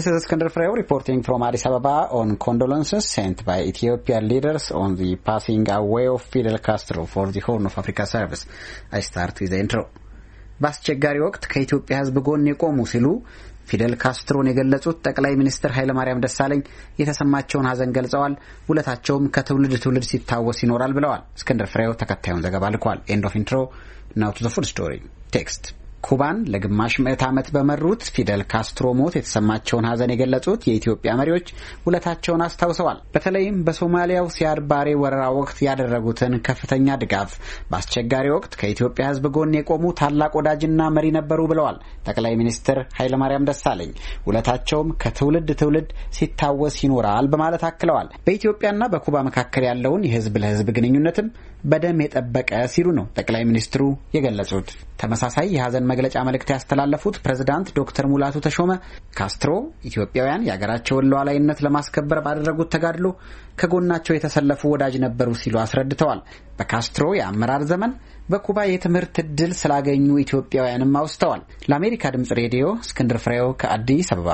This is Iskandar Freo reporting from Addis Ababa on condolences sent by Ethiopian leaders on the passing away of Fidel Castro for the Horn of Africa service. I start with the intro. በአስቸጋሪ ወቅት ከኢትዮጵያ ሕዝብ ጎን የቆሙ ሲሉ ፊደል ካስትሮን የገለጹት ጠቅላይ ሚኒስትር ኃይለማርያም ደሳለኝ የተሰማቸውን ሐዘን ገልጸዋል። ውለታቸውም ከትውልድ ትውልድ ሲታወስ ይኖራል ብለዋል። እስክንድር ፍሬው ተከታዩን ዘገባ ልኳል። ኤንድ ኦፍ ኢንትሮ ናው ቱ ዘ ፉል ስቶሪ ቴክስት ኩባን ለግማሽ ምዕት ዓመት በመሩት ፊደል ካስትሮ ሞት የተሰማቸውን ሐዘን የገለጹት የኢትዮጵያ መሪዎች ውለታቸውን አስታውሰዋል። በተለይም በሶማሊያው ሲያድ ባሬ ወረራ ወቅት ያደረጉትን ከፍተኛ ድጋፍ፣ በአስቸጋሪ ወቅት ከኢትዮጵያ ሕዝብ ጎን የቆሙ ታላቅ ወዳጅና መሪ ነበሩ ብለዋል ጠቅላይ ሚኒስትር ኃይለማርያም ደሳለኝ። ውለታቸውም ከትውልድ ትውልድ ሲታወስ ይኖራል በማለት አክለዋል። በኢትዮጵያና በኩባ መካከል ያለውን የሕዝብ ለሕዝብ ግንኙነትም በደም የጠበቀ ሲሉ ነው ጠቅላይ ሚኒስትሩ የገለጹት። ተመሳሳይ የሀዘን መግለጫ መልእክት ያስተላለፉት ፕሬዝዳንት ዶክተር ሙላቱ ተሾመ ካስትሮ ኢትዮጵያውያን የሀገራቸውን ሉዓላዊነት ለማስከበር ባደረጉት ተጋድሎ ከጎናቸው የተሰለፉ ወዳጅ ነበሩ ሲሉ አስረድተዋል። በካስትሮ የአመራር ዘመን በኩባ የትምህርት እድል ስላገኙ ኢትዮጵያውያንም አውስተዋል። ለአሜሪካ ድምጽ ሬዲዮ እስክንድር ፍሬው ከአዲስ አበባ